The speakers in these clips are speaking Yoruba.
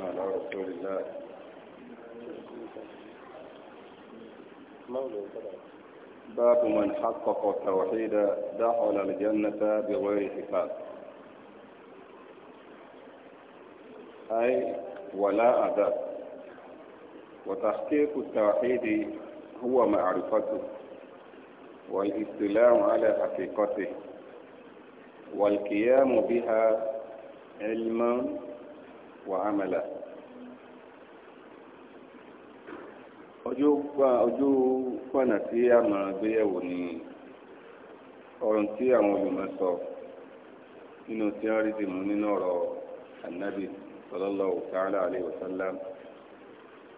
والسلام على رسول الله باب من حقق التوحيد دخل الجنة بغير حساب أي ولا عذاب وتحقيق التوحيد هو معرفته والاستلام على حقيقته والقيام بها علما وعملا ojú pọ̀nà tí a máa gbéyẹ̀wò ni ọ̀rọ̀ tí àwọn olùmọ̀ sọ nínú tí wọ́n rí dìmú nínú sallallahu ta'ala alaihi wasallam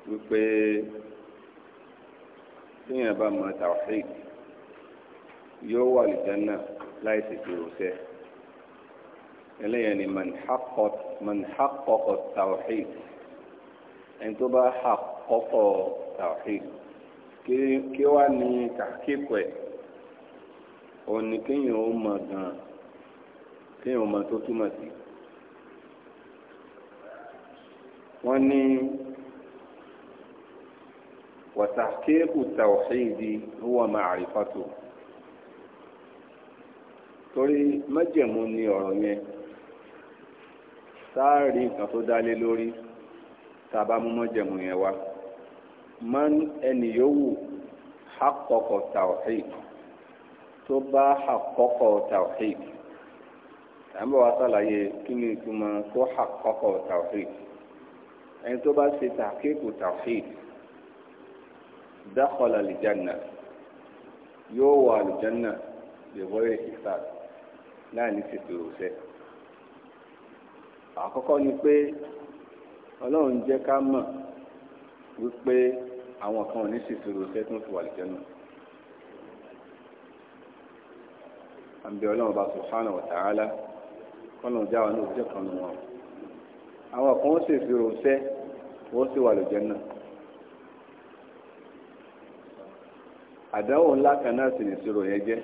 wípé téèyàn bá mọ tàwáhídì yóò wà lìjánà láì eléyẹn ni manhakọkọ tawhid ẹni tó bá hakọkọ tawhid kí wá ní tàkíkọ ẹ òun ni kéèyàn ó mọ gan kéèyàn ó mọ tó túmọ̀ sí wọ́n ní wàtàkíkù tawhid huwa ma'rifatu torí májẹ̀mú ni ọ̀rọ̀ yẹn sáàrí nǹkan tó dálé lórí tá a bá mú mọ́jẹ̀mú yẹn wá man ẹni yòówù hakọkọ tawhid tó bá hakọkọ tawhid àmọ́ wa sàlàyé kí ni ìtumọ̀ tó hakọkọ tawhid ẹni tó bá ṣe tàkíkù tawhid dakhala aljanna yóò wọ aljanna lè wọ́rẹ̀ ìsà láàrin ṣètò òṣèlú àkọ́kọ́ ni pé ọlọ́run jẹ́ ká mọ̀ wípé àwọn kan ò ní ṣèṣirò iṣẹ́ tó ń fi wà lìjẹ́ nù. àǹbẹ̀ ọlọ́run bá subhanahu wa ta'ala kọ́nà jáwa ní òjò kan nù wọn. àwọn kan ó ṣèṣirò iṣẹ́ wọ́n sì wà lìjẹ́ nù. àdánwò ńlá kan náà sì ní yẹn jẹ́.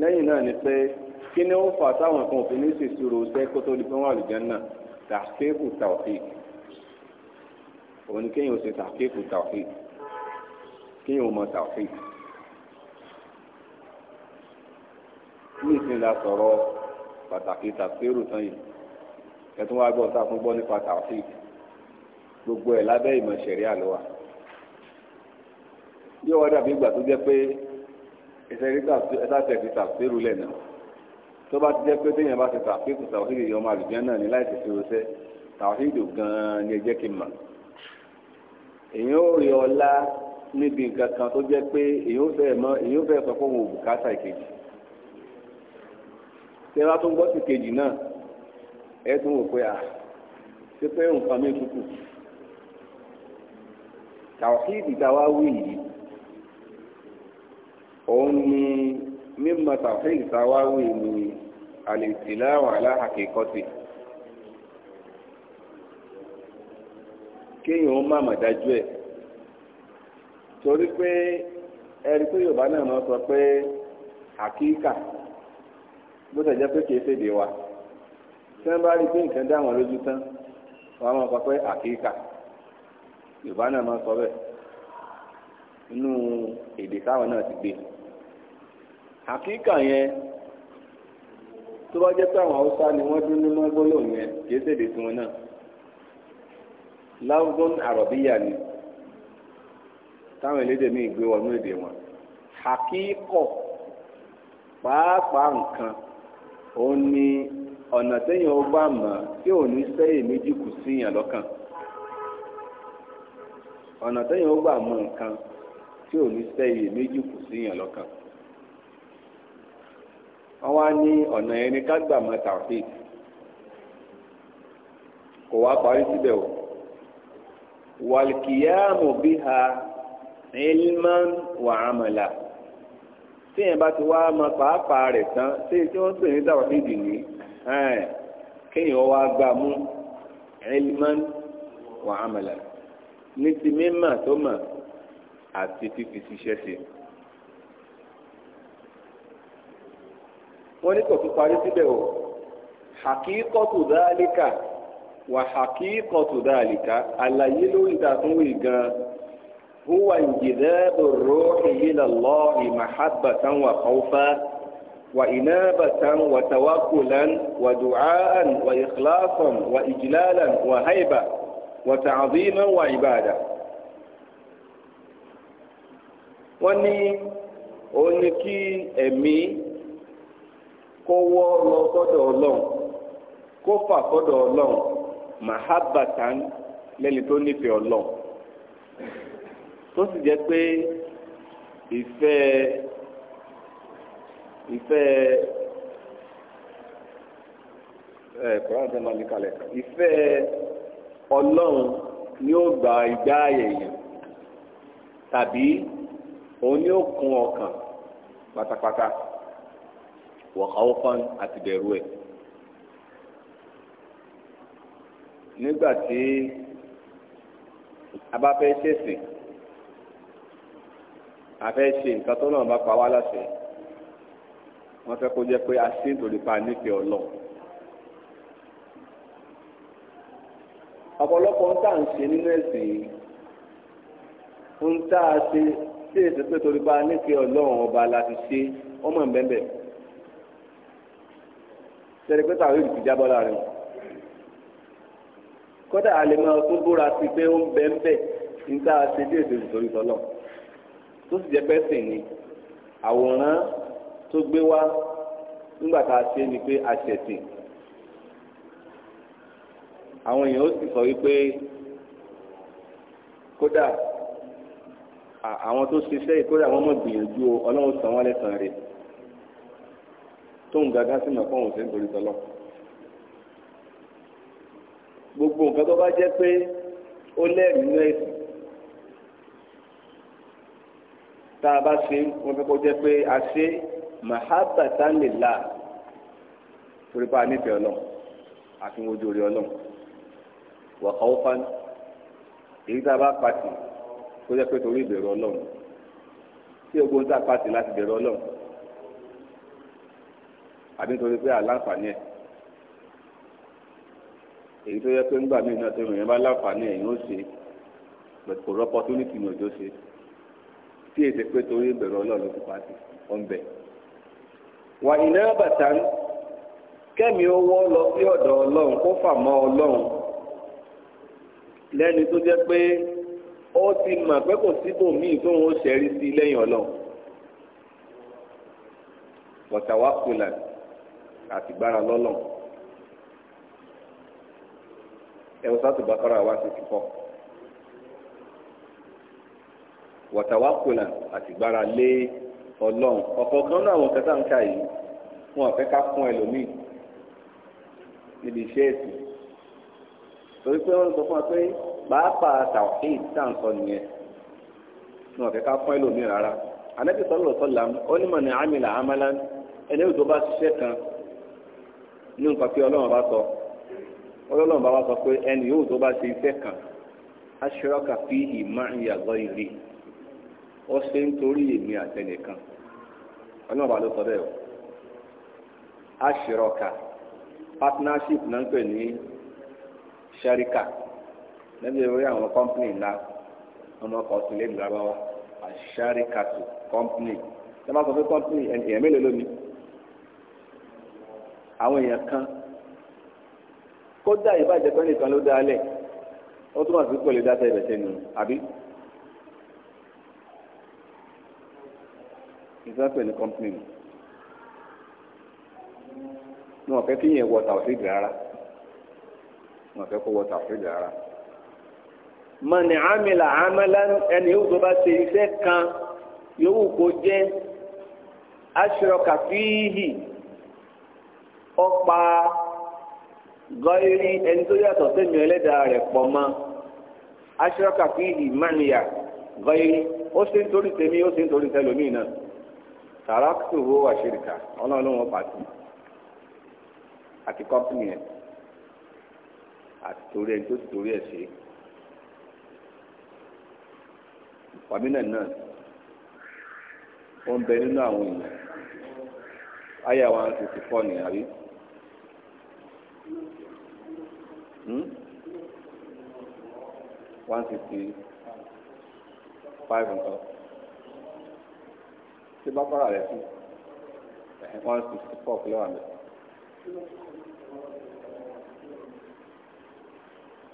lẹ́yìn náà ni pé kí ni ó fà táwọn kan òfin ní ṣèṣirò ṣe kó tó di pé wọn àlùjánnà tàkéèkù tàwfíìk òun ni kéèyàn ṣe tàkéèkù tàwfíìk kéèyàn ó mọ tàwfíìk ní ìsìn la sọ̀rọ̀ pàtàkì tàkéèrò tán yìí ẹtún wá gbọ́ tá a fún gbọ́ nípa tàwfíìk gbogbo ẹ̀ lábẹ́ ìmọ̀ ṣẹ̀ríà ló wà yóò wá dàbí ìgbà tó jẹ́ pé ìṣẹ̀rí tàfẹ́ fi tàfẹ́ rúlẹ̀ náà tó bá ti jẹ́ pé téèyàn bá ti tàfíìkù tàwáhídì yọ ọmọ àlùjẹ́ náà ní láì tètè oṣẹ́ tàwáhídì gan-an ni ẹ jẹ́ kí n mọ̀. èyàn ò rí ọlá níbi nǹkan kan tó jẹ́ pé èyàn ò fẹ́ mọ̀ èyàn ò fẹ́ sọ fún òun bùkátà ìkejì. tẹ́ bá tún gbọ́ sí kejì náà ẹ tún wò pé à ṣé pé nǹkan mi tútù. tàwáhídì táwa wí yìí òun ni mímọ tàfíì táwáwì ni àlètìláwà aláhàkíkọ́tì kéèyàn ó má mà dájú ẹ̀ torí pé ẹ̀rí pé yorùbá náà máa sọ pé àkíkà bó tẹ̀ jẹ́ pé kìí ṣèdè wa tí wọ́n bá rí pé nǹkan dá àwọn lójú tán wọ́n á máa sọ pé àkíkà yorùbá náà máa sọ bẹ́ẹ̀ nínú èdè táwọn náà ti gbé àkíkà yẹn tó bá jẹ́ pé àwọn haúsá ni wọ́n dún nínú yẹn kì í ṣèdè tiwọn náà láwùdún àròbíyà ni táwọn elédè míì gbé wọnú èdè wọn àkíkọ̀ pàápàá nǹkan òun ni ọ̀nà téèyàn bá mọ̀ tí ò ní sẹ́yìn méjì kù wọ́n wá ní ọ̀nà yẹn ní kágbà mọ́ tàfíìk kò wá parí síbẹ̀ o wàlkìyàmù bíha ilman wà ámàlà tí yẹn bá ti wá mọ pàápàá rẹ̀ tán tí tí wọ́n pè ní tàfíìk ní kéèyàn wá gbà mú ilman wà ámàlà ní ti mímọ̀ tó mọ̀ àti fífi ṣiṣẹ́ sí i. wọ́n ní kò tún parí síbẹ̀ o hakíkọ́tù dáálíkà wà hakíkọ́tù dáálíkà àlàyé lórí ìdàtúnwò ìgan huwa ìjìdẹ́ òróòhì ila Allahi mahabbatan wa khawfa wa inabatan wa tawakkulan wa du'aan wa ikhlasan wa ijlalan wa haiba wa ta'ziman wa ibada. wọ́n ní òun ni kí ẹ̀mí kó wọ́ lọ sọ́dọ̀ ọlọ́run kó fà sọ́dọ̀ ọlọ́run mahabatan lẹ́ni tó nífẹ̀ẹ́ ọlọ́run tó sì jẹ́ pé ìfẹ́ ìfẹ́ ẹ kọ́ra tẹ́ máa ní kalẹ̀ ìfẹ́ ọlọ́run ni ó gba ìgbà ayẹyẹ tàbí òun ni ó kún ọkàn pátápátá wọ̀káwọ́kán àti bẹ̀rù ẹ̀. nígbà tí a bá fẹ́ ṣèsìn a fẹ́ ṣe nǹkan tó náà bá pa wá láṣẹ wọ́n fẹ́ kó jẹ́ pé a sí nítorí pa nífẹ̀ẹ́ ọlọ́run. ọ̀pọ̀lọpọ̀ ń tà ń ṣe nínú ẹ̀sìn yìí ń tà á ṣe sí èsì pé torí pa nífẹ̀ẹ́ ọlọ́run ọba la ṣe ọmọ ìbẹ́bẹ́ sẹ́ni pé tàwọn èdè ti jábọ́ láàrin wọn. kódà a lè máa tún búra sí pé ó ń bẹ ń bẹ níta ṣe bí èdè ìtòrí tọ́lọ̀ tó sì jẹ́ pẹ́sì ni àwòrán tó gbé wá nígbà tá a ṣe ni pé a ṣẹ̀sìn àwọn èèyàn ó sì sọ wípé kódà àwọn tó ṣiṣẹ́ ìkórè àwọn ọmọ gbìyànjú ọlọ́run san wọ́n lẹ́san rẹ̀ tóun gàgá sì mọ̀ fún òun sí nítorí tọ́lọ́ gbogbo nǹkan tó bá jẹ́ pé ó lẹ́rìí nínú ẹ̀sìn tá a bá ṣe wọn fẹ́ kó jẹ́ pé a ṣe mahabata lila torí pa nífẹ̀ẹ́ ọlọ́run àfi ojú orí ọlọ́run wà ọ́ fani èyí tá a bá pàtì kó jẹ́ pé torí ìbẹ̀rù ọlọ́run tí ogun tá a pàtì láti bẹ̀rù ọlọ́run àbí nítorí pé àláǹfààní ẹ̀ èyí tó yẹ pé ńgbà míì náà tó yẹn bá láǹfààní ẹ̀ yóò ṣe pẹ̀lú kò rọ́pọ̀ tó ní tìǹbù òjò ṣe tí èsì pé torí ìbẹ̀rù ọlọ́run ló fi pàṣẹ ọ̀nbẹ̀. wà iná bàtà kẹ́mi owó lọ sí ọ̀dọ̀ ọlọ́run kó fà mọ́ ọlọ́run lẹ́ni tó jẹ́ pé ó ti mọ̀ pé kò síbòmíì tóun ó ṣẹ́rí sí lẹ́yìn ọlọ́run. wọ̀tàwá kùlà ní àti gbára lọ́lọ́ ẹ̀rọ sátò bàkàrà wá sí ti fọ́ wàtàwákùlà àti gbára lé ọlọ́run ọ̀kọ̀ọ̀kan náà àwọn kẹta ń ka yìí wọn àfẹ́ ká fún ẹlòmíì níbi iṣẹ́ ẹ̀sìn torí pé wọ́n sọ fún wa pé pàápàá tàwáhìn tá à ń sọ nìyẹn wọn àfẹ́ ká fún ẹlòmíì rárá anabi sọlọ sọlá ó ní mọ̀ ní amìlà ẹni tó bá ṣiṣẹ́ kan ní nǹkan pé ọlọ́run bá sọ ọlọ́run bá wá sọ pé ẹni yóò tó bá ṣe iṣẹ́ kan aṣọ́ọ́kà fi ìmọ̀ ìyàgbọ́ ìrì ó ṣe ń torí èmi àtẹnìkan ọlọ́run bá ló sọ bẹ́ẹ̀ o aṣọ́ọ́kà partnership náà ń pè ní sharika níbi orí àwọn company ńlá ọmọ ọkọ̀ sílẹ̀ ìgbàlọ́wọ́ aṣọ́ọ́kà tó company tí wọ́n sọ pé company èèyàn mélòó àwọn èèyàn kan kódà ìbàjẹ́ pẹ́ nìkan ló dá lẹ̀ ó túmọ̀ sí pẹ̀lú dáta ẹ̀bẹ̀ sẹ́nu àbí. ìsọ́pẹ̀ ní kọ́mpìnì ní wọ́n fẹ́ kí yẹn wọ tàwọ́fíìdì rárá wọ́n fẹ́ kó wọ tàwọ́fíìdì rárá. mọ̀nì àmìlà àmàlà ẹni yóò tó bá ṣe iṣẹ́ kan yòówù kó jẹ́ aṣọ kàfíìhì ọpa gọ́ọ́rí ẹni tó yàtọ̀ sẹ́mi ẹlẹ́dàá rẹ̀ pọ̀ mọ́ aṣọ́ka fi ìmánìyà gọ́ọ́rí ó ṣe ń torí tèmi ó ṣe ń torí tẹlómìn náà tàràkùtù wo àṣírìkà ọlọ́run wọn pàtó àti kọ́pìnì ẹ̀ àti torí ẹni tó ti torí ẹ̀ ṣe wàmínà náà ó ń bẹ nínú àwọn èèyàn ayé àwọn àti ti fọ́ nìyàrí. one sixty five nǹkan tí bá kọ́ra rẹ̀ sí one sixty four kìlọ̀ wà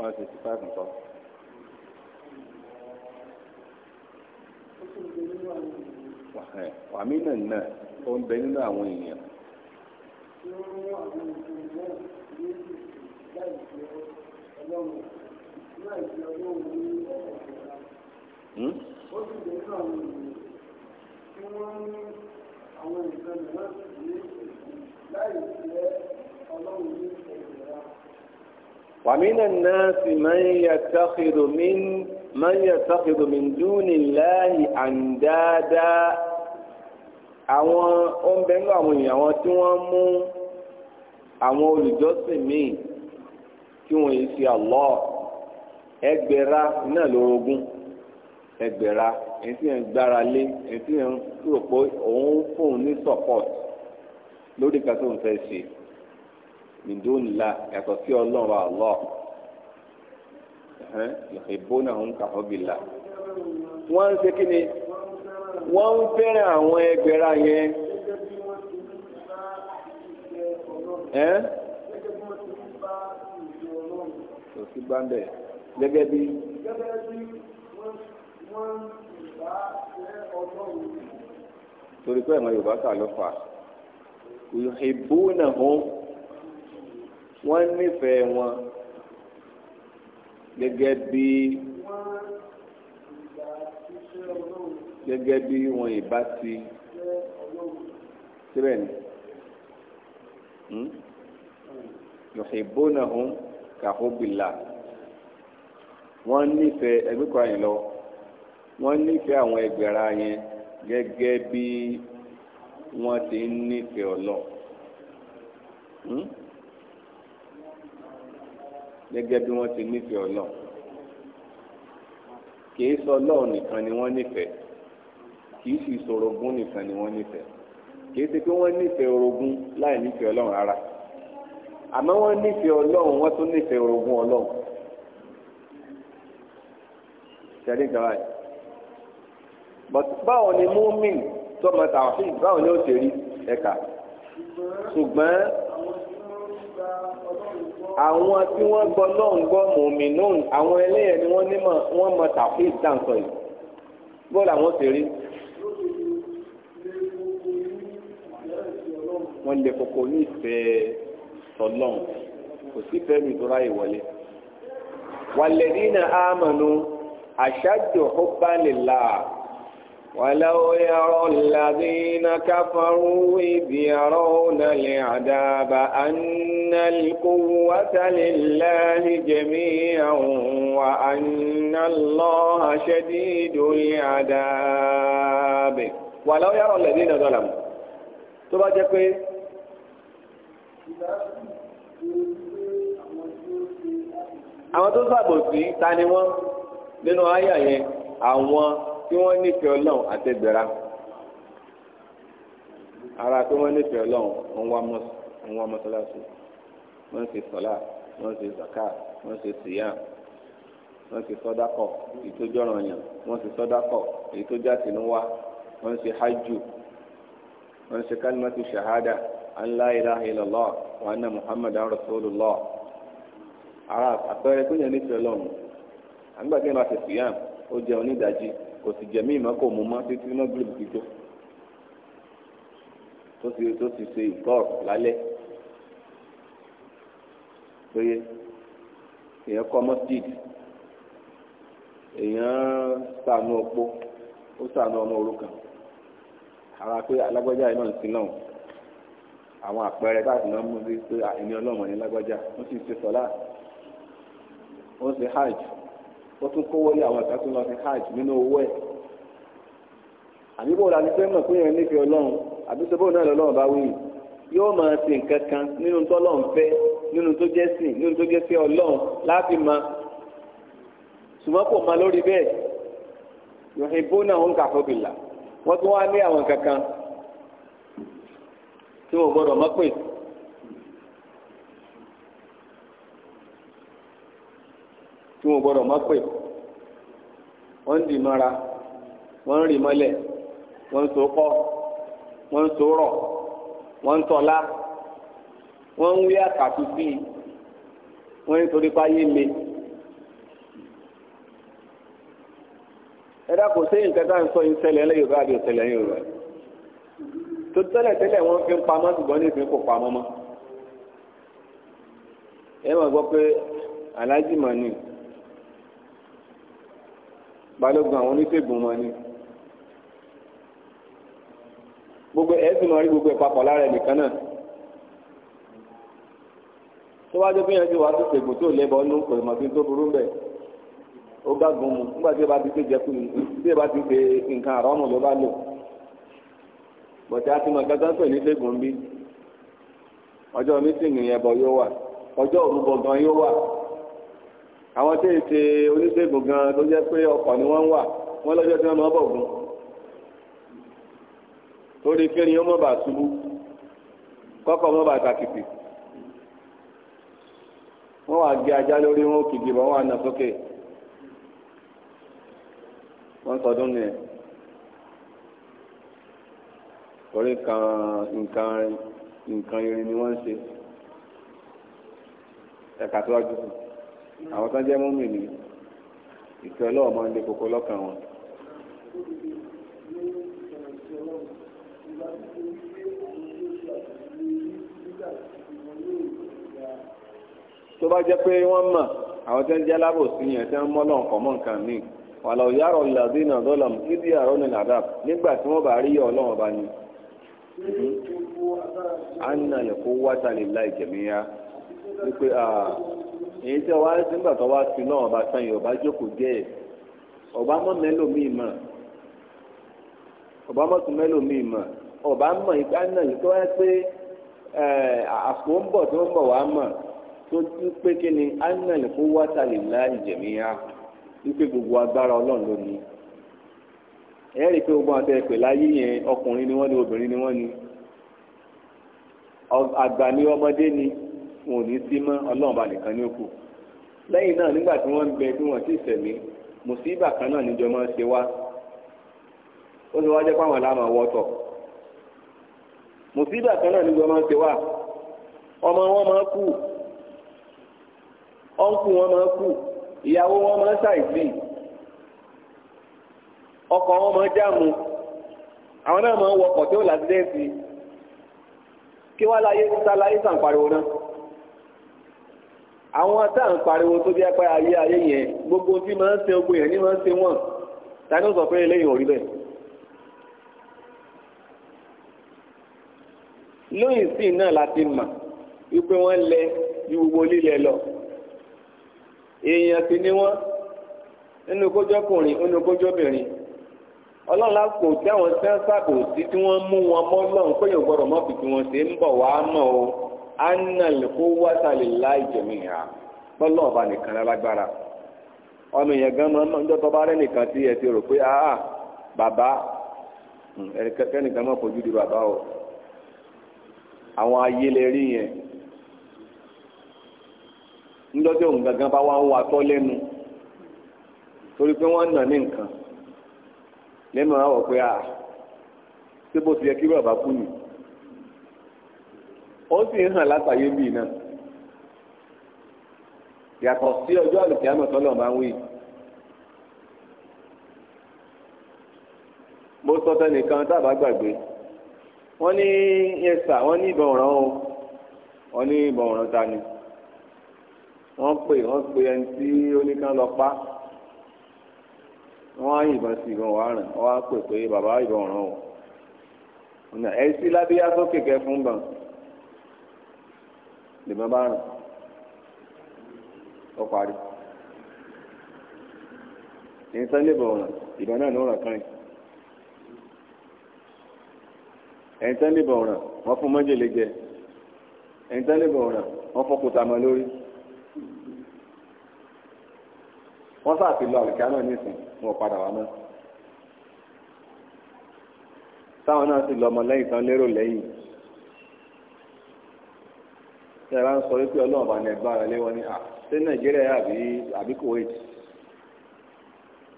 one sixty five nǹkan. wàmí náà náà ó ń bẹ nínú àwọn èèyàn. Thank you. ومن الناس من يتخذ من من يتخذ من دون الله أندادا àwọn ọ̀nbẹ́ńgá àwọn èèyàn àwọn tí wọ́n mú àwọn olùjọ́sìn míì tí wọ́n yìí ṣe Allah ẹgbẹ̀ra náà lórogún ẹgbẹ̀ra ẹni tí yẹn gbára lé ẹni tí yẹn rò pé òun fóun ní support lórí nǹkan tó fẹ́ ṣe nìdónìlá yàtọ̀ sí ọlọ́run àlọ́ ìbò náà ń wọ́n ń ṣe gẹ́gẹ́ bí. gẹ́gẹ́ bí wọ́n ti bá jẹ́ ọlọ́run. torí pé àwọn yorùbá kà ló fà ìbú náà hàn wọ́n nífẹ̀ẹ́ wọn gẹ́gẹ́ bí gẹ́gẹ́ bí wọn ìbá ti síbẹ̀ ni yòhìbónà hùn kàhóbìlà. Hmm? wọ́n nífẹ̀ẹ́ ẹgbẹ́ kan yẹn lọ wọ́n nífẹ̀ẹ́ àwọn ẹgbẹ̀ra yẹn gẹ́gẹ́ bí wọ́n ti ń nífẹ̀ẹ́ ọlọ́ hmm? gẹ́gẹ́ bí wọ́n ti nífẹ̀ẹ́ ọlọ́ kìí sọ ọlọ́run nìkan ni wọ́n nífẹ̀ẹ́ kìí sì sọ̀rọ̀ ogún nìkan ni wọ́n nífẹ̀ẹ́ kìí ṣe pé wọ́n nífẹ̀ẹ́ orogún láì nífẹ̀ẹ́ ọlọ́run rárá àmọ́ wọ́n nífẹ̀ẹ́ ọlọ́run wọ́n tún nífẹ̀ẹ́ orogún ọlọ́run tẹ̀lé ìjọba yìí but báwo ni múmin tọmọ tàwáfíì báwo ni ó ṣe rí ẹ̀ka ṣùgbọ́n àwọn tí wọ́n gbọ́ lọ́hùn gbọ́ mùmí lóhùn àwọn ẹlẹ́yẹ̀ ni wọ́n ní wọ́n mọ tàwáfíì dáǹtọ̀ yìí bóòlù àwọn ṣe rí. wọ́n lè koko ní ìfẹ́ tọ́lọ́hùn kò sí fẹ́mi tó ráyè wọlé. wàlẹ́dínà ámànú. أشد حبا لله ولو يرى الذين كفروا إذ يرون العذاب أن القوة لله جميعا وأن الله شديد العذاب ولو يرى الذين ظلموا تبا جاكوي àwọn tó sàbòsí ta ni wọn nínú àyà yẹn àwọn tí wọ́n nífẹ̀ẹ́ ọlọ́run àtẹ̀gbẹ̀ra ara tí wọ́n nífẹ̀ẹ́ ọlọ́run ń wá mọ́sálásí wọ́n ń ṣe sọ́lá wọ́n ń ṣe zaka wọ́n ń ṣe síyá wọ́n ń ṣe sọ́dákọ̀ èyí tó jọ̀ràn yàn wọ́n ń ṣe sọ́dákọ̀ èyí tó jáde níwá wọ́n ń ṣe hajj wọ́n ń ṣe kálímátù shahada an la ilaha illallah wa anna ara àpẹẹrẹ tó yẹn nífẹ̀ẹ́ ọlọ́run àgbà tí wọn bá ti sùyàm ó jẹun nídàájí kò sì jẹ míì mọ́ kò mú mọ́ títí náà gbìlù kíkó tó ti tó ti ṣe ìkọ́ lálẹ́ péye èèyàn kọ́ mọ́sídìdì èèyàn sànú opó ó sànú ọmọ òrukàn ara pé alágbájá yìí náà ń sin náà àwọn àpẹẹrẹ káàkiri náà mú sí pé ẹni ọlọ́mọ ní lágbájá ó sì ṣe sọ́lá ó ṣe hajj wọ́n tún kówó ní àwọn ìka tó lọ sí hajj nínú owó ẹ̀ àbí bó la ti fẹ́ yẹn nífẹ̀ẹ́ ọlọ́run àbí sọ bóun náà lọ́lọ́run bá wí yóò máa ṣe nǹkan kan nínú tọ́lọ́run fẹ́ nínú tó jẹ́ sìn nínú tó jẹ́ ọlọ́run láti máa kankan tí wọ́n gbọ́dọ̀ mọ́ tí wọn gbọ́dọ̀ má pè wọ́n ń dì mọ́ra wọn ń rì mọ́lẹ̀ wọ́n ń sokọ́ wọ́n ń sorọ̀ wọ́n ń tọ́lá wọn ń wí àkàtú sí i wọ́n ń torí páyé le. ẹ dákò sí nǹkan ń sọ tó tẹ́lẹ̀ tẹ́lẹ̀ wọ́n fi ń pamọ́ ṣùgbọ́n ní balógun àwọn oníṣègùn wọn ni gbogbo ẹ sì máa rí gbogbo ẹ papọ̀ lára ẹnìkan náà tó bá jẹ́ pé yẹn ti wàá tó ṣègùn tó lẹ́bọ̀ ọ́nú kò mọ̀ sí tó burú ń bẹ̀ ó gágun mu nígbà tí ẹ bá ti ṣe jẹ́kù ní tí ẹ bá ti ṣe nǹkan àrọ́mù ló bá lò bọ̀tí a ti mọ̀ gángan pè ní bí ọjọ́ mi sì nìyẹn bọ̀ yóò wà ọjọ́ òrùbọ̀ gan yóò wà àwọn tí èsè oníṣègùn gan tó jẹ́ pé ọkọ̀ ni wọ́n ń wà wọ́n lọ́jọ́ tí wọ́n máa bọ̀ gùn torí kí ni wọ́n mọ̀ bá ṣubú kọ́kọ́ mọ̀ bá takìtì wọ́n wá gbé ajá lórí wọn kìkì wọ́n wá nà sókè wọ́n sọdún nìyẹn torí kan nǹkan nǹkan irin ni wọ́n ń ṣe ẹ̀ka tó wájú fún àwọn tó ń jẹ́ mọ́mì ni ìfẹ́ ọlọ́wọ́ máa ń lé koko lọ́kàn wọn. tó bá jẹ́ pé wọ́n mọ̀ àwọn tó ń jẹ́ alábòsí yẹn tó ń mọ́lọ̀ nǹkan mọ́ nǹkan míì wàlọ́ yàrá ìlàdí náà dọ́là kí bí àárọ̀ ní nàdà nígbà tí wọ́n bá rí ọlọ́run ọba ni. anna yẹ kó wá ta lè la ìjẹ̀míyá wípé èyí tí ọwọ́ nígbà tó wá sí náà ọba sàn yìí ọba jókòó díẹ̀ ọba mọ̀ mẹ́lòmíì mọ̀ ọba mọ̀ tún mẹ́lòmíì mọ̀ ọba mọ̀ ìgbà náà yìí tó wá pé àpò ń bọ̀ tó ń bọ̀ wá mọ̀ tó tún pé kí ni anel kó wá sàlè láì jẹ̀míyà wípé gbogbo agbára ọlọ́run ló ní ẹ rí i pé gbogbo àti ẹ̀pẹ̀ láyé yẹn ọkùnrin ni wọ́n ní obìnrin ni wọ́n ní àgbà ni ọmọdé ni. wọn ò ní sí mọ́ ọlọ́run nìkan ní òkú lẹ́yìn náà nígbà tí wọ́n ń bẹ bí wọ́n ti sẹ̀mí mùsíbà kan náà níjọ máa ń ṣe wá ó ti wá jẹ́ pàwọn làwọn àwọ̀ mùsíbà kan náà níjọ máa ń ọmọ wọn máa kú ọ̀nkù wọn máa kú ìyàwó wọn máa ṣàìsí ọkọ̀ wọn máa jáàmù àwọn náà máa ń wọkọ̀ kí wọ́n láyé pariwo náà. àwọn tá à ń pariwo tó jẹ́ pé ayé ayé yẹn gbogbo tí máa ń ṣe ogun yẹn ní máa ń ṣe wọ́n ta ni ó sọ pé eléyìí ò rí bẹ́ẹ̀. lóyìn sí náà láti mà wípé wọ́n lẹ ju gbogbo lílẹ̀ lọ èèyàn sì ni wọ́n nínú kójọ́kùnrin nínú kójọ́bìnrin ọlọ́run lásìkò tí àwọn tí wọ́n sí tí wọ́n mú wọn mọ́ lọ́run pé yóò gbọ́dọ̀ mọ́ fi tí wọ́n ṣe ń bọ̀ wá mọ́ o annalko wasalila ìjẹmìíra pẹ̀lú ọba nìkan lágbára ọmọ èèyàn gan máa ń jọ tọba rẹ nìkan tí ẹ ti rò pé ah bàbá hmm, ẹnìkan máa fojú torí pé wọ́n nà ní nǹkan lẹ́nu àwọn pé ah ṣé bó ti yẹ bàbá kú nìyí ó sì ń hàn látàyé bíi náà yàtọ̀ sí ọjọ́ àlùkí àmọ̀ tọ́lọ̀ máa ń wí. mo sọ tẹnìkan tábà gbàgbé wọ́n ní yẹsà wọ́n ní ìbọn ọ̀ràn o wọ́n ní ìbọn ọ̀ràn ta ni wọ́n pè wọ́n pè ẹni tí oníkan lọ pa wọ́n á yìnbọn sí ìbọn wàá rìn wọ́n á pè pé bàbá ìbọn ọ̀ràn o ẹ sí sókè kẹ bàn lèmọ́ bá rìn ó parí ìyẹnsá lè bọ̀ ọ̀ràn ìgbà náà ní ọ̀ràn kan rìn ẹ̀yìntá lè bọ̀ ọ̀ràn wọ́n fún mọ́jèlé jẹ ẹ̀yìntá lè bọ̀ ọ̀ràn wọ́n fọ́kùtà mọ́ lórí wọ́n sáà ti lọ àlùkà náà nísìn wọn padà wá náà táwọn náà sì lọ ọmọ lẹ́yìn tán lérò lẹ́yìn tẹ̀ra ń sọ wípé ọlọ́run bá ní ẹgbára lé wọn ní à ṣé nàìjíríà àbí àbí kuwait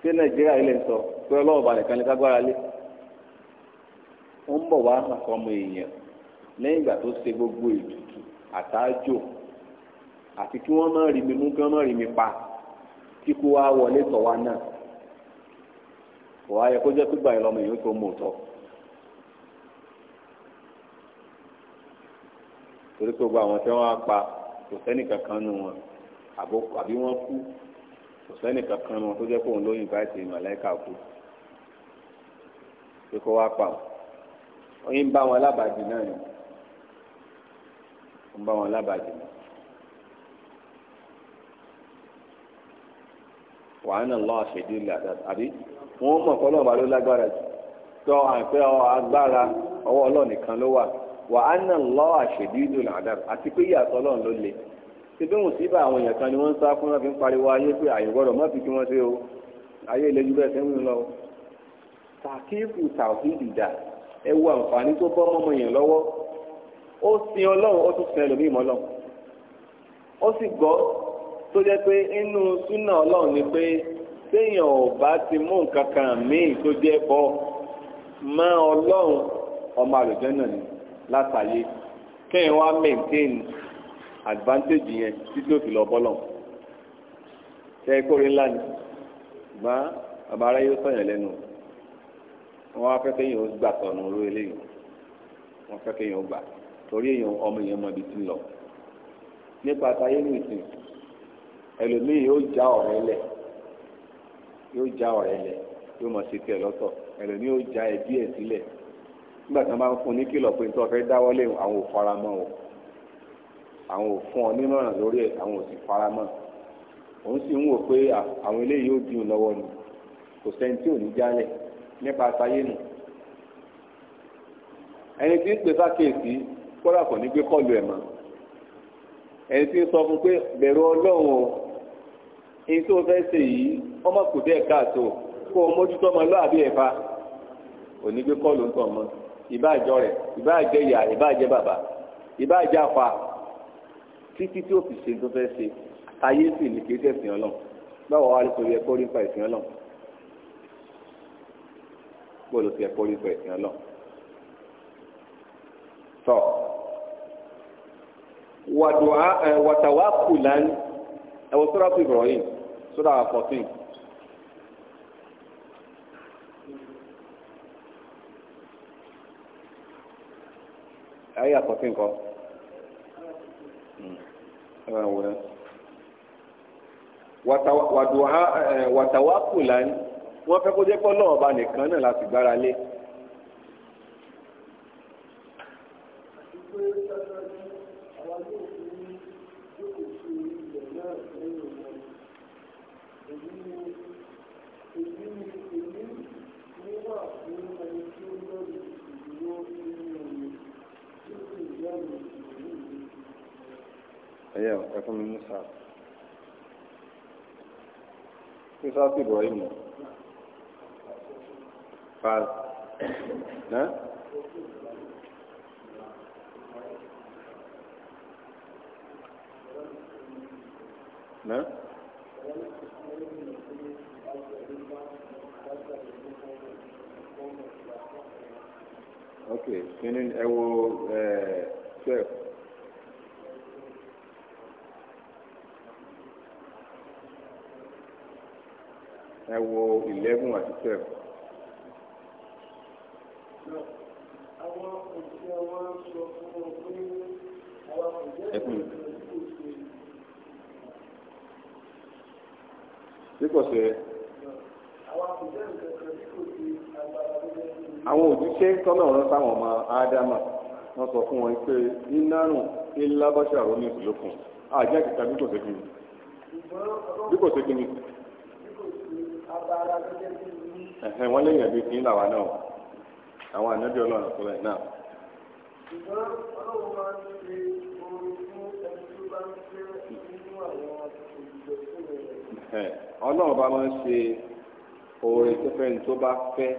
ṣé nàìjíríà ilẹ̀ ń sọ pé ọlọ́run bá nìkan ní kágbára lé ó ń bọ̀ wá hàn fọmọ èèyàn lẹ́yìn ìgbà tó ṣe gbogbo ètùtù àtàjò àti kí wọ́n má rí mi mú kí wọ́n má rí mi pa kí kó wá wọlé tọ̀ wá náà kò wá yẹ kó jẹ́ pípa ìlọmọ èèyàn tó mú tọ́. torí pé gbogbo àwọn tí wọ́n á pa kò sẹ́nì kankan nù wọn àbí wọ́n kú kò sẹ́nì kankan nù wọn tó jẹ́ pé òun ló yìn báyìí màláìka kú pé kó wá pa wọn. oyin ń bá wọn alábàájì náà ni ń bá wọn alábàájì náà. wàhánà lọ́wọ́ ṣèdí ilẹ̀ àbí wọ́n mọ̀ kọ́ lọ́wọ́ bá ló lágbára jù tọ́ àìpẹ́ agbára ọwọ́ ọlọ́ọ̀nìkan ló wà wà á nà lọ́ àṣẹ̀dídò làdàbà àti pé yàtọ̀ ọlọ́run ló le ṣe bí wọn síbà àwọn èèyàn kan ni wọ́n ń sá fún wọn fi ń pariwo ayé pé àyè gbọ́dọ̀ má fi kí wọ́n ṣe o ayé ìlẹ́jú bẹ́ẹ̀ ṣe ń lọ. tàkífù tàwíìdì dà ẹ wo àǹfààní tó bọ́ mọ́mọ yẹn lọ́wọ́ ó sin ọlọ́run ó tún sin ẹlòmíì mọ́ lọ́run ó sì gbọ́ tó jẹ́ pé inú súnà ọlọ́run ni pé téèyàn ò bá ti mú nǹkan kan míì tó jẹ́ bọ́ mọ́ ọlọ́run ọmọ àlùjẹ́ náà ni látàyè kẹ́yìn wá maintain advantage yẹn títí ó fi lọ bọ́lọ̀ ṣe é kórè ńlá ni gbá bàbá ara yóò sọ̀yàn lẹ́nu wọ́n á fẹ́ kéèyàn ó gbà sọ̀nù oró eléyìí wọ́n fẹ́ kéèyàn ó gbà torí èèyàn ọmọ èèyàn mọ ibi tí ń lọ nípa táyé ní ìsìn ẹlòmíì yóò já ọ̀rẹ́ lẹ̀ yóò já ọ̀rẹ́ lẹ̀ yóò mọ̀ sí tiẹ̀ lọ́tọ̀ ẹlòmíì yóò já ẹbí ẹ̀ sílẹ̀ nígbà tí wọ́n bá ń fún ní kìlọ̀ pé tó fẹ́ dáwọ́lé àwọn ò fara mọ́ o àwọn ò fún ọ nímọ̀ràn lórí ẹ̀ àwọn ò sì fara mọ́ òun sì ń wò pé àwọn eléyìí ó dìun lọ́wọ́ ni kò sẹ́ni tí ò ní jálẹ̀ nípa àtayé nù ẹni tí ń pè sákèésí kọ́dà kò ní gbé kọ́ọ̀lù ẹ̀ mọ́ ẹni tí ń sọ fún pé bẹ̀rù ọlọ́run o èyí tó fẹ́ ṣe yìí ọmọ kò dé kó o mójútó ọmọ lọ́àbí ẹ̀fà òní gbé kọ́ọ̀lù ń tọ̀ mọ́ ìbáàjọ rẹ̀ ìbáàjẹ ìyá ìbáàjẹ bàbá ìbáàjẹ afa títí tí ó fi ṣe tó fẹ́ ṣe ayé sì ní kí ẹsẹ̀ ìsìn ọlọ́run báwo wá lóko yẹ kó rí nípa ìsìn ọlọ́run bó ló ti yẹ kó rí nípa ìsìn ọlọ́run tọ wàtàwá kùlán ẹwọ sọ́dọ̀ Ibrahim sọ́dọ̀ àwọn fourteen. ayé àkọsí nǹkan hmm. ẹ̀rọ ìwòran wàtàwákùlà ni wọ́n fẹ́ kó jẹ́ pọ́ lọ́wọ́ ọba nìkan náà láti gbára lé. sọ́ọ̀tì ibrahim fal ná. ná. ok kí ni ẹ wo ẹ wo eleven àti twelve. àwọn òṣìṣẹ́ wọn sọ fún wọn pé àwọn òṣìṣẹ́ wọn bí kò ṣe. àwọn òjíṣẹ́ tọ́nà ọ̀rọ̀ sáwọn ọmọ ádámà wọ́n sọ fún wọn pé nínárùn ńlá bọ́ṣà ronú ìlú kan àjẹ́ àti tàbí kò ṣe kí ni bí kò ṣe kí ni ẹ̀hẹ́ wọ́n lè yàn bí kí n làwa náà àwọn ànábì ọlọ́run kúrẹ́ náà. ṣùgbọ́n ọlọ́run máa ń ṣe orin fún ẹni tó bá ń ṣe nínú àwọn olùdókòwò rẹ̀. ọlọ́run bá máa ń ṣe orin tó fẹ́ ní tó bá fẹ́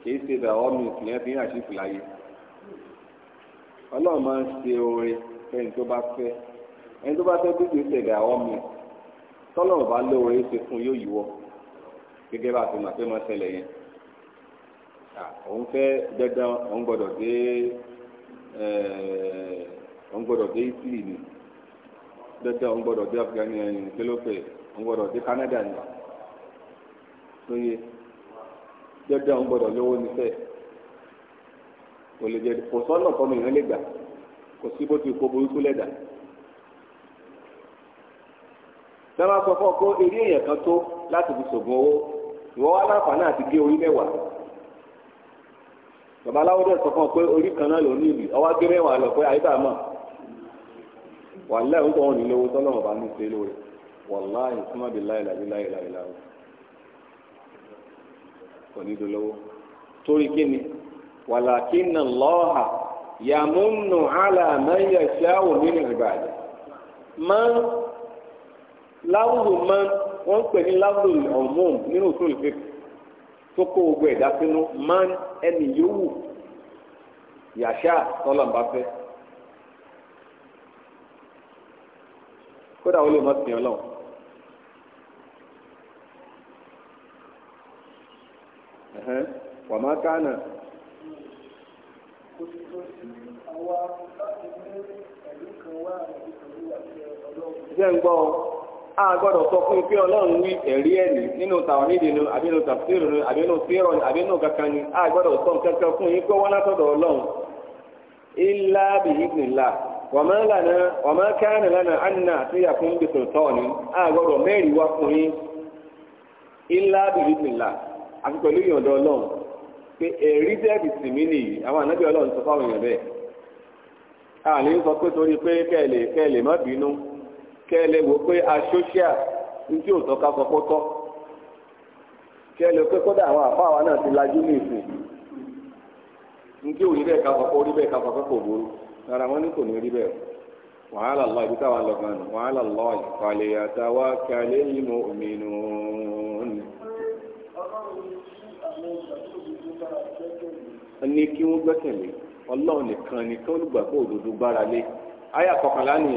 kì í ṣe dàwọ́ mi ìpìlẹ̀ fi àṣìkò láyé ọlọ́run máa ń ṣe orin fẹ́ni tó bá fẹ́ ẹni tó bá fẹ́ bí kì í ṣe dàwọ́ mi tọ́lọ́run bá lóore ṣe fún yóò yíwọ́. gẹ́gẹ́ bá a ti pé yẹn òun fẹ́ dandan òun gbọ́dọ̀ dé òun gbọ́dọ̀ dé Italy ni dandan òun gbọ́dọ̀ dé Afghanistan ni kílófẹ òun gbọ́dọ̀ dé Canada ni lóye dandan òun gbọ́dọ̀ lówó nífẹ̀ kò lè jẹ kò sọ́nà lè gbà kò sí bó ti kó burúkú lẹ́dà sábà sọ fún ọ pé ìwọ wá láǹfààní àti gé orí mẹ́wàá bàbá aláwọ̀ dẹ̀ sọ fún ọ pé orí kan náà ló ní ìlú ọwọ́ gé mẹ́wàá lọ pé àyíká mọ̀ wà lẹ́yìn tó wọn ní lówó tọ́lọ́mọ̀ bá ní ṣe lóore wàláhì súnmọ́bi láìláì láìláì láìláì kò ní dolówó torí kí ni lọ́ọ̀hà wọ́n ń pè ní lábùlù ọ̀mùn nínú òṣùlù fífi tó kó gbogbo ẹ̀dá sínú man ẹni yòówù yàṣà tọ́lọ̀mbá fẹ́ kódà wọ́n lè mọ̀ sí ọlọ́run. wàmá kánà. jẹ́ ń gbọ́ ọ. a gbọ́dọ̀ sọ fún pé ọlọ́run wí ẹ̀rí ẹ̀rí nínú tàwọnídìí àbínú tàfsírù àbínú fírọ̀ àbínú kankan ni a gbọ́dọ̀ sọ kankan fún yín pé wọ́n látọ̀dọ̀ ọlọ́run ilá lànà lànà a mẹ́rin wá fún yín ilá àti pẹ̀lú ìyọ̀dọ̀ ọlọ́run pé ẹ̀rí nìyí àwọn ànábì ọlọ́run sọ fáwọn èèyàn bẹ́ẹ̀ sọ pé torí pé kẹ́lẹ̀ wò pé asọ́ṣíà ntí ò tọ́ka sọ pé tọ́ pé kódà àwọn náà ti lajú ní ìsìn ntí ká ká kò burú rárá wọn ní kò ní rí wàhálà lọ ibi táwa lọ gan wàhálà lọ àtàwà yìí mọ omi nù kí nìkan ni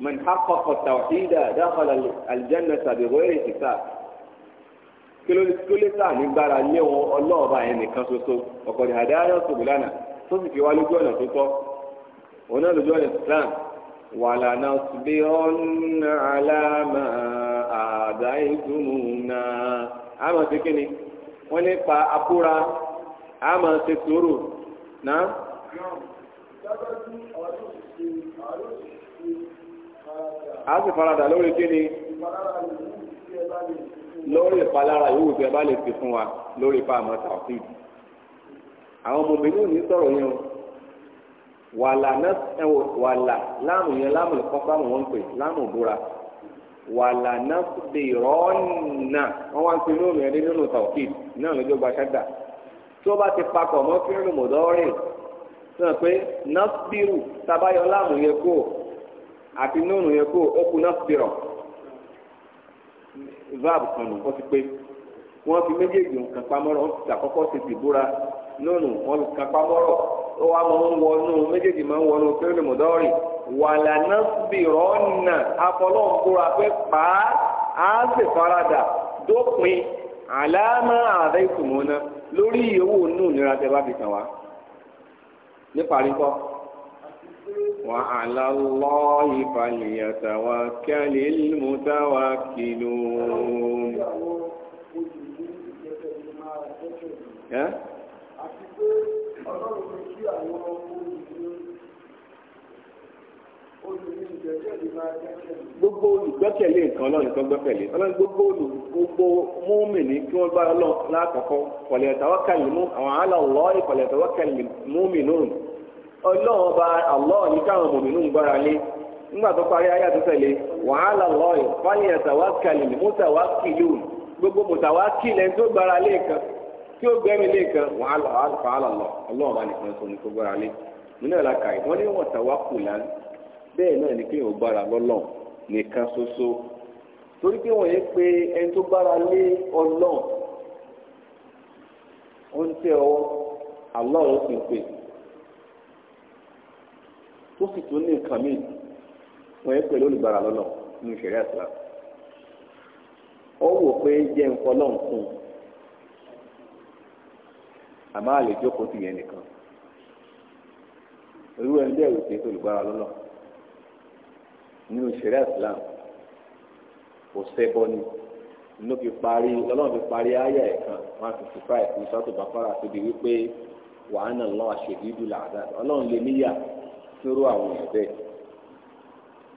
من حقق التوحيد دخل الجنة بغير حساب kílódé sáà nígbára lé wọn ọlọ́ọ̀bá yẹn nìkan ṣoṣo ọ̀kọ̀dé àdáyọ̀ ṣògbìlànà tó sì fi wá lójú ọ̀nà tó tọ́ òun náà lójú ọ̀nà Islam wala nasbiranna ala ma adaytumuna àmọ̀ sí kínni wọ́n lè pa apúra àmọ̀ sí sùúrù náà. yọ̀ọ́ dábàá sí àwọn yóò ṣe àwọn yóò ṣe a sì faradà lórí kí ni lórí ìpalára yòówù tí ẹ bá lè fi fún wa lórí ipa àmọ́ tàfíìd àwọn ọmọ obìnrin òní sọ̀rọ̀ yẹn o wàlà náà ẹ wàlà láàmù yẹn láàmù kọ́kọ́ àwọn wọn ń pè láàmù búra wàlà náà bè rọ́ọ̀nà wọ́n wá ń pe lóòmù yẹn nínú tàfíìd náà lójó gba ṣẹ́gbà tí ó bá ti papọ̀ mọ́ fírìmù mọ̀dọ́rìn sọ pé nọ́ọ̀sì bírù tabayọ̀ láàmù yẹn kú àti nóònù yẹn kó ó kú náà fi rọ̀ verb kan nù ó ti pé wọ́n fi méjèèjì nǹkan pamọ́rọ̀ wọ́n ti àkọ́kọ́ ti dìbúra nóònù wọ́n fi kan pamọ́rọ̀ ó wá máa ń wọnú méjèèjì máa ń wọnú fẹ́rẹ́ mọ̀dọ́rì wàlà náà fi rọ̀ nà afọlọ́ǹkóra pé pa á sì faradà dópin àlámà àdá ìtùmọ̀ lórí ìyówó nù nira tẹ bá fi kàn wá níparí kọ́. وعلى الله فليتوكل المتوكلون gbogbo olùgbẹ́kẹ̀lé nǹkan ọlọ́run nǹkan gbẹ́kẹ̀lé ọlọ́run gbogbo olù gbogbo múmìnì kí wọ́n bá ọlọ́run lákọ̀ọ́kọ́ pọ̀lẹ̀tàwọ́kẹ̀lì mú àwọn àlọ́ ọ̀lọ́ ìpọ̀lẹ̀tàwọ́kẹ̀lì múmìnì lónìí ọlọ́run ọba Allah yìí káwọn mòmìnú ń gbára lé nígbà tó parí ayé àtúntẹ̀lé wàhálà lọ́ọ̀yì fáyẹ̀ tàwákàlì mùtàwákìlù gbogbo mùtàwákìlẹ̀ tó gbára lé kan tí ó gbẹ́mi lé kan wàhálà fàhálà lọ nìkan sọ ní kó gbára lé nínú ẹ̀la kàì wọ́n ní wọ́n bẹ́ẹ̀ náà gbára nìkan ṣoṣo torí pé wọ́n ó ń tẹ tó sì tún ní nǹkan míì wọ́n yẹ pẹ̀lú olùgbàrà lọ́nà nínú ìṣẹ̀lẹ̀ àtúrà ó wò pé jẹ́ nǹkan lọ́n kún àmọ́ àlè jókòó ti yẹn nìkan irú ẹni bẹ́ẹ̀ wò pé olùgbàrà lọ́nà nínú ìṣẹ̀lẹ̀ àtúrà kò sẹ́bọ ni inú fi parí ọlọ́run fi parí ayé ẹ̀kan one fifty five ní sọ́tò bàfárà tóbi wípé wàhánà lọ́wọ́ àṣèdídù làdá ọlọ́run lè níyà fúnrú àwọn èèyàn bẹ́ẹ̀.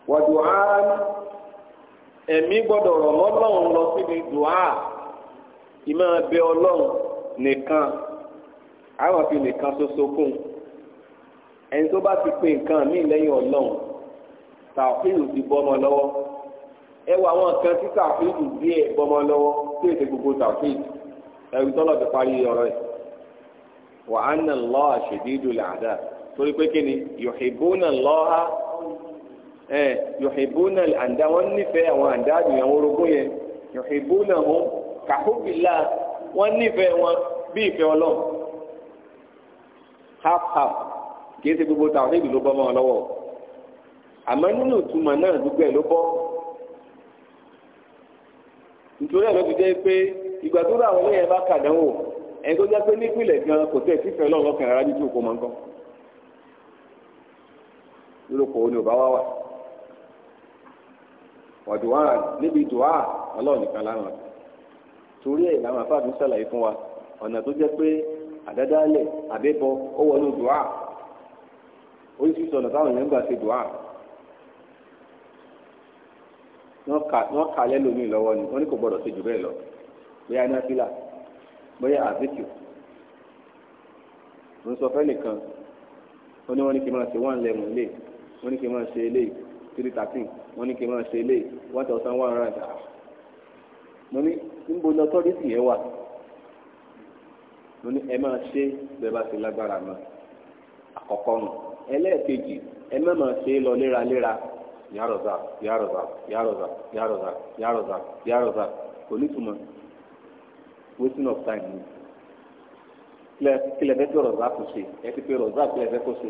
wàdù á ẹ̀mí gbọ́dọ̀ rọ̀ mọ́lọ́run lọ síbi dùá ìmọ̀ bẹ ọlọ́run nìkan àwọn fi nìkan ṣoṣo kún ẹni tó bá ti pe nǹkan míì lẹ́yìn ọlọ́run tàfíìlù ti bọ́mọ lọ́wọ́ ẹ àwọn nǹkan tí tàfíìlù díẹ̀ bọ́mọ lọ́wọ́ tí èdè gbogbo tàfíìlù ẹ̀rù tọ́lọ̀ ti parí ọ̀rọ̀ ẹ̀ wà lọ́ọ́ àṣèdídò làdá torí pé kí ni yuhibbuna Allaha ẹ̀ yuhibbuna àǹdá wọn nífẹ̀ẹ́ àwọn àǹdá àdìyàn orogún yẹn yuhibbuna hum ka hubbillah wọn nífẹ̀ẹ́ wọn bí ìfẹ́ ọlọ́run half half kìí ṣe gbogbo tàwọn ìlú ló bọ́ mọ́ ọ lọ́wọ́ àmọ́ nínú ìtumọ̀ náà gbogbo ẹ̀ ló bọ́ nítorí ẹ̀ ló jẹ́ pé ìgbà tó rà wọlé yẹn bá kàdánwò ẹni tó jẹ́ pé nípìnlẹ̀ gan kò tẹ̀ sífẹ̀ẹ́ lọ́wọ́ kẹrẹ́rẹ́ bí tí òkú máa ń kọ́. lórúkọ òní ò bá wá wà níbi ìdùnwá ọlọ́run nìkan láwọn torí ẹ̀ làwọn afáàdù ń ṣàlàyé fún wa ọ̀nà tó jẹ́ pé àdádálẹ̀ àbẹ́bọ ó wọnú dùá oríṣiríṣi ọ̀nà táwọn èèyàn gbà ṣe dùá wọ́n kà mí lọ́wọ́ ni wọ́n ní kò gbọ́dọ̀ ṣe jù bẹ́ẹ̀ lọ bóyá ní afílà bóyá àbíkù mo ń sọ fẹ́ nìkan ó ní wọ́n ní kí n máa ṣe wọ́n lẹ́mú wọ́n ní kí n máa ṣe eléyìí three thirteen wọ́n ní kí n máa ṣe eléyìí one thousand one hundred ah mo ní níbo ni authority yẹn wà mo ní ẹ máa ṣe bẹ́ẹ̀ bá ṣe lágbára mọ́ àkọ́kọ́ nù ẹlẹ́ẹ̀kejì ẹ má máa ṣe é lọ léraléra yàrọ̀zà yàrọ̀zà yàrọ̀zà yàrọ̀zà yàrọ̀zà yàrọ̀zà kò ní túmọ̀ wasting of time ni kílẹ̀ kílẹ̀ fẹ́ pé rọ̀zà kò ṣe ẹ ti pé rọ̀zà kílẹ̀ fẹ́ kò ṣe.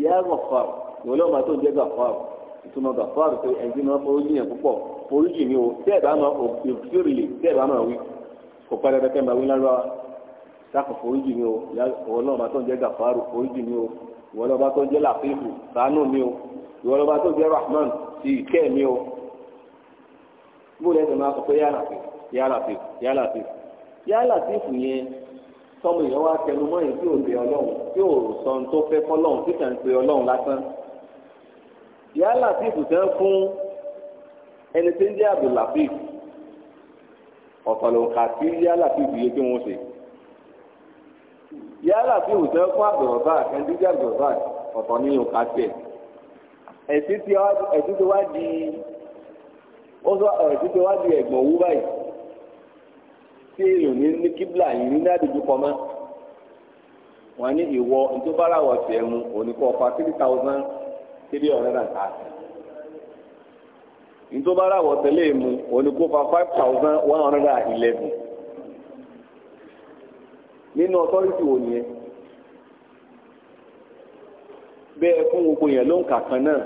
yá gàfàr ìwọ lọ́wọ́ máa tó ń jẹ́ gàfàr ìtumọ̀ gàfàr pé ẹ̀jú náà forí yẹn púpọ̀ forí jì ní o tẹ́ ẹ̀ bá máa o ìfúrìlì tẹ́ ẹ̀ bá máa wí kò padà bẹ́ẹ̀ máa wí lálọ́ sáfù forí jì ní o ìwọ lọ́wọ́ máa tó ń jẹ́ gàfàr forí jì ní o ìwọ lọ́wọ́ máa tó ń jẹ́ làfíìfù ṣàánú mi o ìwọ lọ́wọ́ máa tó ń jẹ́ rahman ti ìkẹ́ mi o bóyá ẹ̀ máa sọ pé yálà fi yálà fi yálà fi yálà yẹn tọ́mọ èèyàn wá tẹnu mọ́ èyí tí ò lè ọlọ́run tí ò sọ ohun tó fẹ́ fọlọ́run tí kà ń pe ọlọ́run lásán. ìyá làfíìf tẹ́ ń fún ẹni tí ń jẹ́ abdulrafif ọ̀tọ̀ ló ń kà sí ìyá làfíìf yẹ kí wọ́n ṣe. ìyá làfíìf tẹ́ ń fún abdulrafif ẹni tí ń jẹ́ abdulrafif ọ̀tọ̀ ní òǹkà tiẹ̀. ẹ̀sìn ti wá di ẹ̀sìn ti wá di ẹ̀gbọ̀n owó báyìí. tí èèyàn ní ní kíbla yìí ní àdìjú kọ mọ́ wọn ní ìwọ ntúbáràwọ̀ tẹ̀ mu òníkọ́ ọ̀fà three thousand three hundred and thirty ntúbáràwọ̀ tẹ̀lé mu òníkọ́ ọ̀fà five thousand one hundred and eleven nínú ọtọ́rìtì wò nìyẹn bẹ́ẹ̀ fún gbogbo yẹn ló ń kà kan náà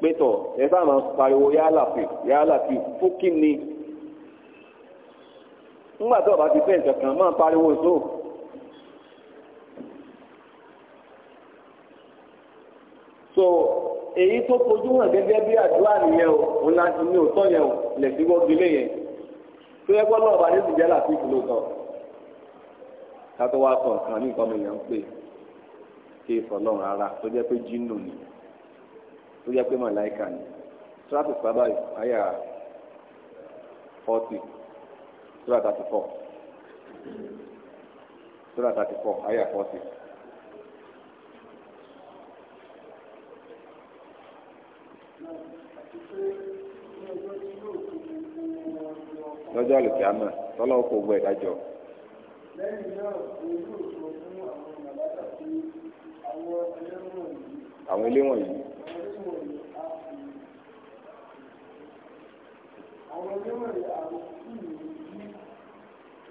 pé tọ̀ ẹ sáà máa pariwo yálà fi yálà fi fún kí ni. nígbà tó bá ti fẹ́ nǹkan kan máa pariwo tó. so èyí tó fojú hàn gẹ́gẹ́ bí àdúrà nìyẹn o òun láti ní òótọ́ yẹn o lẹ̀ sí wọ́gilé yẹn tó yẹ gbọ́dọ̀ ọba ní ìdíjẹ́ láti ìfúlò kan kátó wá sọ nǹkan ní nǹkan mìíràn pé kí ìfọ̀lọ́ rárá tó jẹ́ pé jínù ni tó jẹ́ pé màláìka ni tíráfì sábà àyà fọ́tì. Surah 34. Surah 34, Ayah 40. lọ́jọ́ àlùkí àmà tọ́lọ́wọ́ kò gbọ́ ìdájọ́. àwọn àwọn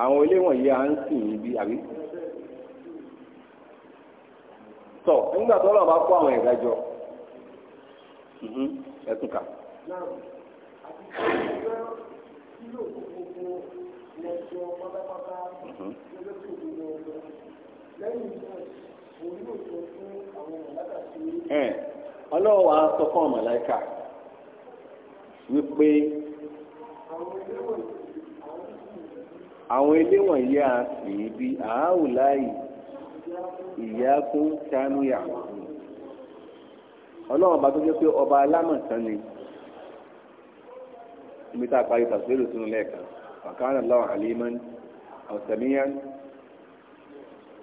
àwọn ilé wọ̀nyí à ń sìn níbi àbí. tọ nígbà tó lọ́ọ̀ bá kó àwọn ẹ̀dá jọ ẹ̀tún kà. ọlọ́wọ́ á sọ fún ọmọ láìka wípé àwọn ilé wọ̀nyí a sì bí àáwù láàyè ìyá fún kánú yà ọlọ́run ọba tó jẹ́ pé ọba alámọ̀tán ni ibi tá a parí tàṣílò sínú lẹ́ẹ̀kan ọ̀kánà lọ́wọ́ àlímán ọ̀sẹ̀míyàn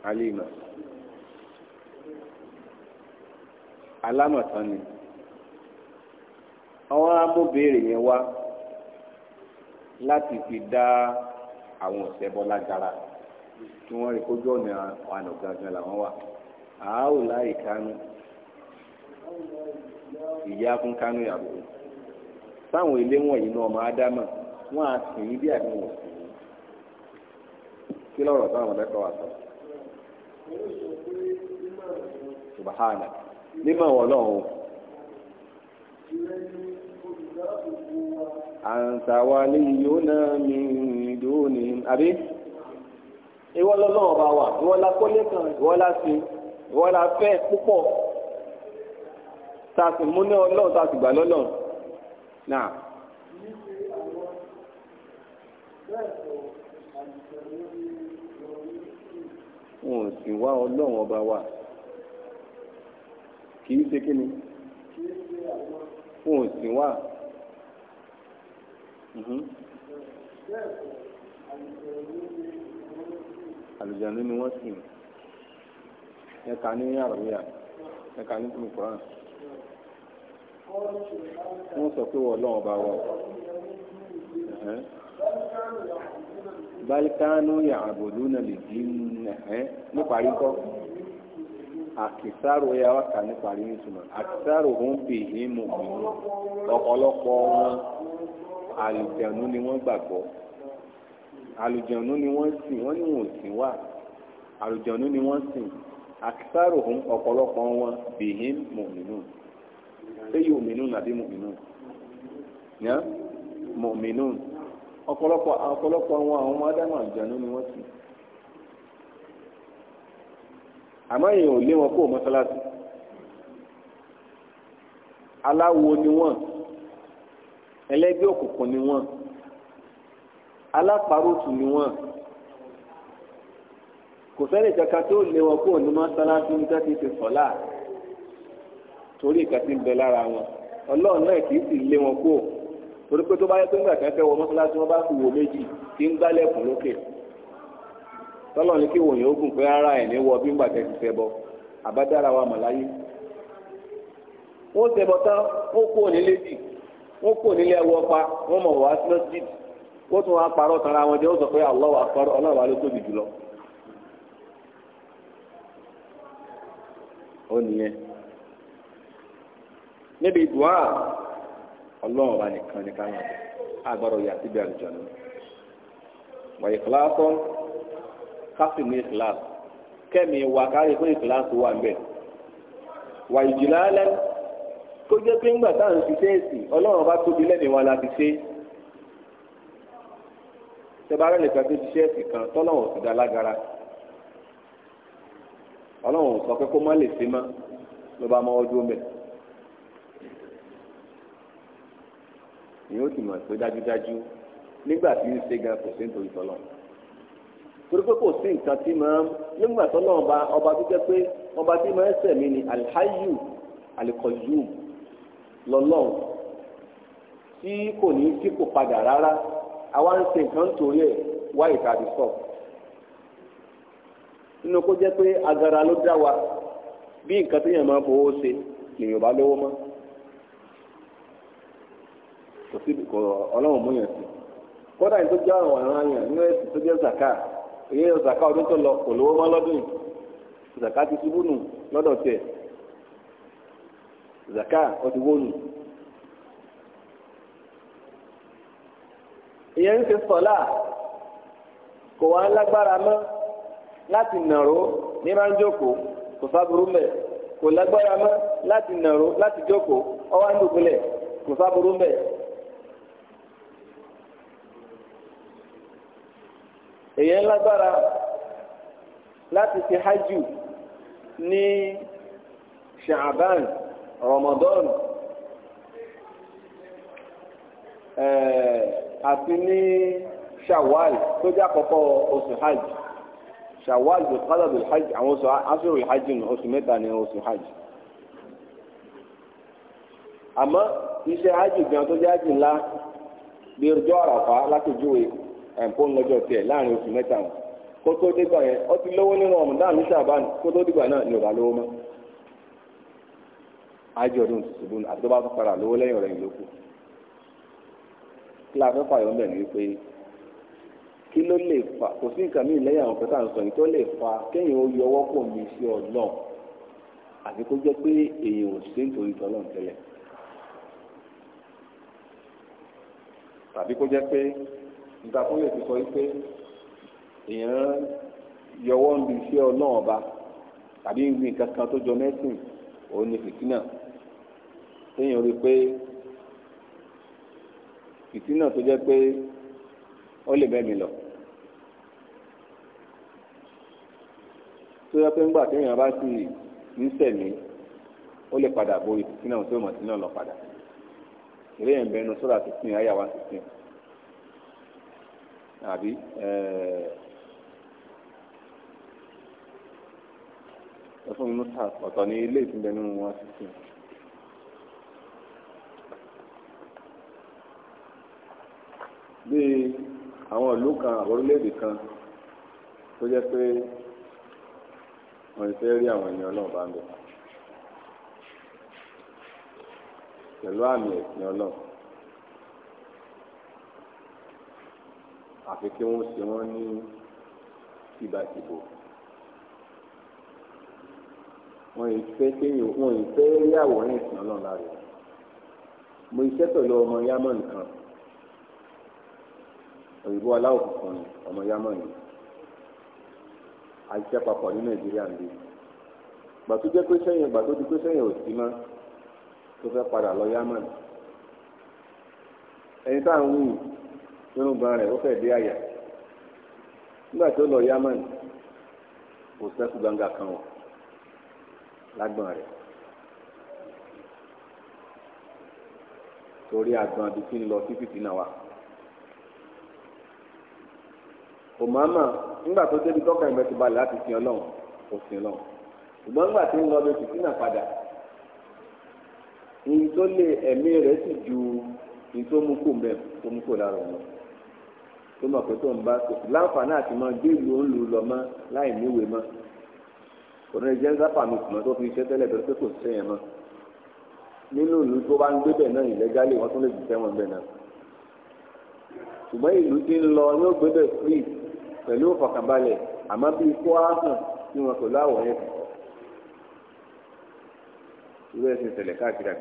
àlímà alámọ̀tán ni àwọn amóbèrè yẹn wá láti fi dá. àwọn ọ̀sẹ̀ bọ́ lágara tí wọ́n rí kójú ọ̀nà àná gangan làwọn wà àáwò láì kánú ìyá fún kánú ìyàwó sáwọn ilé wọ̀nyí náà ọmọ ádámà wọ́n á sìn ní bí àdéhùn ọ̀sìn kí lọ́rọ̀ sáwọn ọ̀dẹ́kọ̀ wà sọ. subahana buhunihim àbí ìwọ lọ́lọ́wọ́ bá wà ìwọ la kọ́lé kan ìwọ la ṣe ìwọ la fẹ́ púpọ̀ tá a sì mú ní ọlọ́run tá a sì gbà lọ́lọ́run náà. wọn ò sì wá ọlọ́run ọba wa kì í ṣe kí ni wọn ò sì wá. Mhm àlùjànnú ni wọ́n sìn ẹ̀ka ní àròyà ẹ̀ka ní kùrán wọ́n sọ pé wọ́n lọ́wọ́ bá wọ́ balikanu yàgòdú náà lè di níparí kọ́ àkìsáró ya wákà níparí nítumọ̀ àkìsáró ń bè ní mòmìnú ọ̀pọ̀lọpọ̀ wọn àlùjànnú ni wọ́n gbàgbọ́. àlùjọ̀nù ni wọ́n sìn wọ́n ní sìn wá ni wọ́n sìn àkísàrò òun ọ̀pọ̀lọpọ̀ wọn bìhín mọ̀mìnú òmìnú ọ̀pọ̀lọpọ̀ wọn ni wọ́n sìn àmọ́ èèyàn ò lé wọn kó aláwo ni wọ́n ẹlẹ́gbẹ́ òkùnkùn alápàrọ̀tù ni wọ́n kò sẹ́ni kankan tó lé wọn kó ní mọ́sálásí ń tẹ́tí ti sọ̀lá torí ìkan tí ń bẹ lára wọn ọlọ́run náà kì í sì lé wọn kó torí pé tó bá yẹ pé nígbà kan wọ mọ́sálásí wọn bá fi wò méjì kí ń gbálẹ̀kùn lókè tọ́lọ́ ní kí wòyìn ó gùn pé ara ẹ̀ ní wọ bí ńgbà tẹ̀ fẹ́ bọ àbájára wa mọ̀ láyé wọ́n tẹ̀ bọ̀ tán wọ́n kó nílé dì wọ́n kó nílé ẹwọ́ pa wọ́n mọ̀ wá sí lọ́sídìí wọ́n tún wá parọ́ tara wọn jẹ́ ó sọ pé Allahu Akbar ọlọ́wà ló tóbi jùlọ. ó nìyẹn níbi dùá ọlọ́run wa nìkan ní káwọn àgbàrọ̀ yà síbi àlùjọ náà wàyí kìláàsọ kásì ní kìláàsì kẹ́mi wà kárí fún ìkìláàsì wà mbẹ́ wàyí jìlá lẹ́nu kó jẹ́ pé ńgbà táwọn ti ṣe é sí ọlọ́run bá tóbi lẹ́nu wa la ti ṣe é tẹ́bárẹ́ nìkan tó ṣiṣẹ́ ẹ̀sìn kan tọ́lọ́wọ̀n ti dá lágara ọlọ́wọ̀n sọ pé kó má lè ṣe mọ́ ló bá mọ́ ọdún mẹ́. ìyẹn ó sì mọ̀ pé dájúdájú nígbà tí ń ṣe gan kò sí nítorí tọ́lọ́ torí pé kò sí nǹkan tí máa ń nígbà tọ́lọ́ ọba ọba tó jẹ́ pé ọba tí máa ń sẹ̀mí ni alhayu alikọyum lọ́lọ́run tí kò ní í dípò padà rárá àwa ń ṣe nǹkan torí ẹ̀ wá ìtàdí sọ nínú kó jẹ́ pé agara ló dá wa bí nǹkan téèyàn máa fowó ṣe lèèyàn bá lówó mọ́ kò sí kò ọlọ́run múyàn sí kódà ní tó jẹ́ àwọn ọ̀ràn yẹn nínú ẹ̀sìn tó jẹ́ zaka èyí zaka ọdún tó lọ kò lówó mọ́ lọ́dún yìí zaka ti ṣubú nù lọ́dọ̀ tiẹ̀ zaka ó ti wó nù. ìyẹn ń ṣe sọ̀lá kò wá lágbára lati láti nàró ní máa ń jókòó kò sábúrú mẹ kò lágbára lati láti nàró láti jókòó mẹ. ń dùbúlẹ̀ kò sábúrú mẹ́. èyí lágbára láti ṣe hajj ní ramadan. ee. àti ní shawal tó jẹ́ àkọ́kọ́ oṣù hajj shawal bi hajj àwọn oṣù asúrò hajj nù oṣù mẹ́ta ní oṣù hajj àmọ́ iṣẹ́ hajj gan tó hajj ńlá bí ọjọ́ àràfá látòjúwe ẹ̀ǹpọ̀ ńlọ́jọ́ tiẹ̀ láàrin oṣù mẹ́ta wọn kó tó dìgbà yẹn ó ti lówó nínú ọmọ náà ní sàbáàni kó tó hajj ọdún tuntun àti tó bá lówó lẹ́yìn kí la fẹ́ fàyọ̀ mẹ́rin wípé kí ló lè fa kò sí nǹkan míì lẹ́yìn àwọn pẹ̀tà sọ yìí tó lè fa kéèyàn ó yọ ọwọ́ pọ̀ mi sí ọlọ́ọ̀ àti kó jẹ́ pé èèyàn ò sí nítorí tọ́lọ́ọ̀ tẹ́lẹ̀ tàbí kó jẹ́ pé nígbà tó lè fi sọ wípé èèyàn yọwọ́ ń bi iṣẹ́ ọlọ́ọ̀ ọba tàbí nǹkan kan tó jọ mẹ́sìn òun ni fìtínà téèyàn rí i pé fìtínà tó jẹ́ pé ó lè bẹ́ẹ̀ mi lọ. tó yẹ pé ńgbà téèyàn bá sì ń sẹ̀mí ó lè padà borí fìtínà tó mọ̀ sínú ọ̀nà padà eré yẹn bẹnu sọ́dà sixteen ayé wa sixteen àbí ẹ̀ẹ́dẹ́gbẹ̀rún ọ̀tọ̀ ní ilé ìtúndẹ̀nu wa sixteen. bíi àwọn ìlú kan àwọn orílẹ̀-èdè kan tó jẹ́ pé wọ́n ti fẹ́ rí àwọn ènìyàn náà bá ń bẹ̀. pẹ̀lú àmì ẹ̀sìn ọlọ́run àfi kí wọ́n ṣe wọ́n ní tìbàtìbò wọ́n yìí fẹ́ kéèyàn wọ́n yìí fẹ́ rí àwòrán ẹ̀sìn ọlọ́run lára mo iṣẹ́ pẹ̀lú ọmọ yámọ̀ nìkan. òyìnbó aláwọ̀ funfun ni ọmọ yámọ̀ ni àìsẹ́ papọ̀ ní nàìjíríà ń bí gbà tó pé fẹ́ padà lọ yamani ni ẹni tá à ń wù nínú gan rẹ̀ ó fẹ́ dé àyà nígbà tó lọ kan torí àgbọn lọ wa. kò má mà nígbà tó débi tọ́ka ìgbà ti balẹ̀ láti sin ọlọ́run kò sin ọlọ́run ṣùgbọ́n nígbà tí ń lọ bẹ tìtì náà padà ní tó lé ẹ̀mí rẹ̀ sì ju ní tó mú kò mẹ́ tó mú kò lára ọ̀nà tó mọ̀ pé tó ń bá kò sí láǹfààní àti máa gbé ìlú òǹlù lọ mọ́ láì níwèé mọ́ kò ní jẹ́ sápà mi kùmọ́ tó fi iṣẹ́ tẹ́lẹ̀ bẹ́ẹ̀ pé kò sí ẹ̀yẹn mọ́ nínú ìlú tó bá ń gbé bẹ̀ náà ìlẹ́gálẹ̀ wọ́n tún lè jù sẹ́wọ̀n bẹ̀ náà ṣùgbọ́n ìlú ti ń lọ yóò gbé bẹ̀ free pẹ̀lú ìfọ̀kànbalẹ̀ àmọ́ bíi kó á hàn tí wọn kò láwọ̀ yẹn kọ̀. irú ẹ̀sìn ìṣẹ̀lẹ̀ káàkiri àti